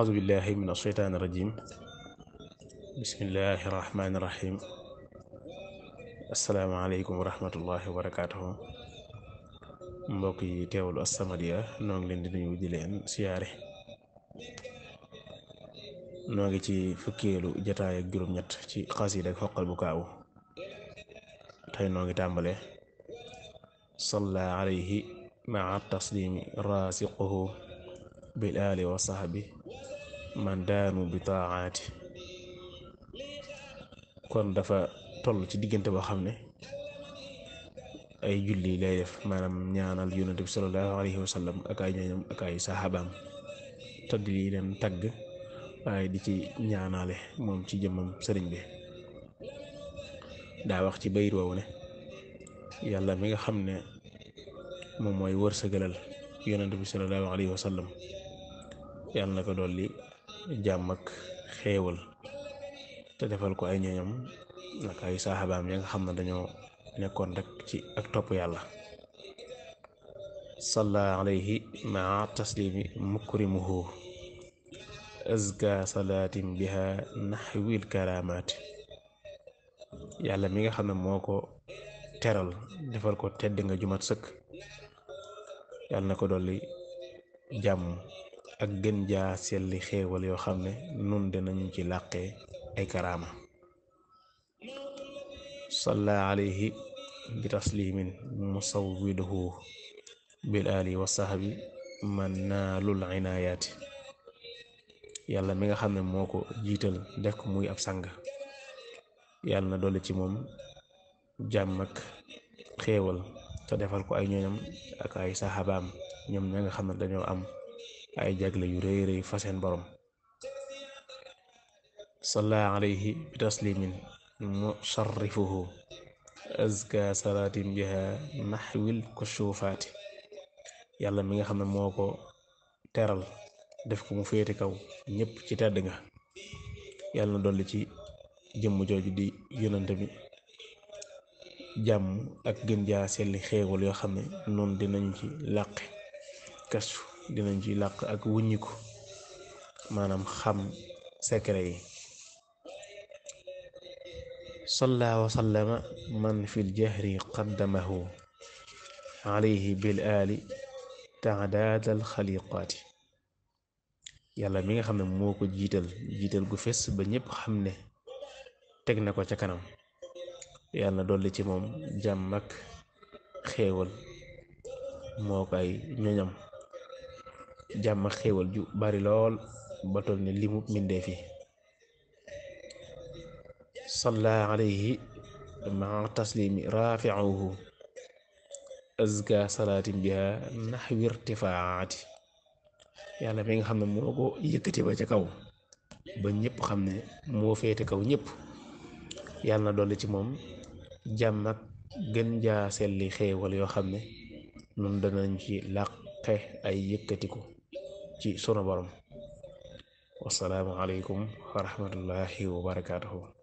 أعوذ بالله من الشيطان الرجيم بسم الله الرحمن الرحيم السلام عليكم ورحمة الله وبركاته mbokk yi teewlu As-Samadiyya noo ngi leen di nuyu di leen siyaare noo ngi ci fukkeelu jataay ak ñett ci xasida ak xoqal bu kaaw tey noo ngi tàmbale salla alayhi maa taslimi bil aali wa man daanu bi taaxaati kon dafa toll ci diggante boo xam ne ay julli lay def maanaam ñaanal yonent bi salallaahu alayhi wa sallam ak ay ñooñam ak ay saxaabaam tëdd yi leen tagg waaye di ci ñaanale moom ci jëmmam sëriñ bi daa wax ci bayit woowu ne yàlla mi nga xam ne moom mooy wërsëgalal yonent bi salallaahu alayhi wa sallam yàlla na ko dolli jàmm ak xéewal te defal ko ay ñooñam nag ay saaxabaam ya nga xam ne dañoo nekkoon rek ci ak topp yàlla salla alayhi maa taslimi mukrimuhu azka salaatin biha naxwil karamaati yàlla mi nga xam ne moo ko teral defal ko tedd nga jumat sëkk yàlla na ko dolli jàmm ak gën jaa selli xéewal yoo xam ne nun dinañu ci làqee ay karaama salla alayhi bi taslimin musawwiduhu bil ali wa sahbi man naalul inaayaati yàlla mi nga xam ne moo ko jiital def ko muy ab sang yàlla na dolli ci moom jàmm ak xéewal te defal ko ay ñooñam ak ay saxaabaam ñoom ña nga xam ne dañoo am ay jagle yu rëy rëy fa seen borom salla alayhi bi taslimin musharrifuhu azka salaatin biha naxwil kushufaati yàlla mi nga xam ne moo ko teral def ko mu féete kaw ñépp ci tedd nga yàlla na dolli ci jëmm jooju di yonante bi jàmm ak gën jaa selli xéewal yoo xam ne noonu dinañu ci làqe kastu dinañ ci làq ak wuññiku maanaam xam secret yi salla wa sallama man fi ljahri qaddamahu alayhi bil aali taadaad al yàlla mi nga xam ne moo ko jiital jiital gu fes ba ñépp xam ne teg na ko ca kanam yàlla dolli ci moom jàmm ak xéewal moo ko ay ñoñam jàmm ak xéewal ju bari lool ba toll ne limu mbindeef yi salla alayhi maa taslimi rafiauhu azka yàlla mi nga xam ne moo ko yëkkati ba ca kaw ba ñëpp xam ne moo féete kaw ñépp yàlla na dolli ci moom jàmm ak gën jaa selli xéewal yoo xam ne nun danañ ci làqe ay yëkkatiku ci sunu borom wasalaamu aleykum wa rahmatullahi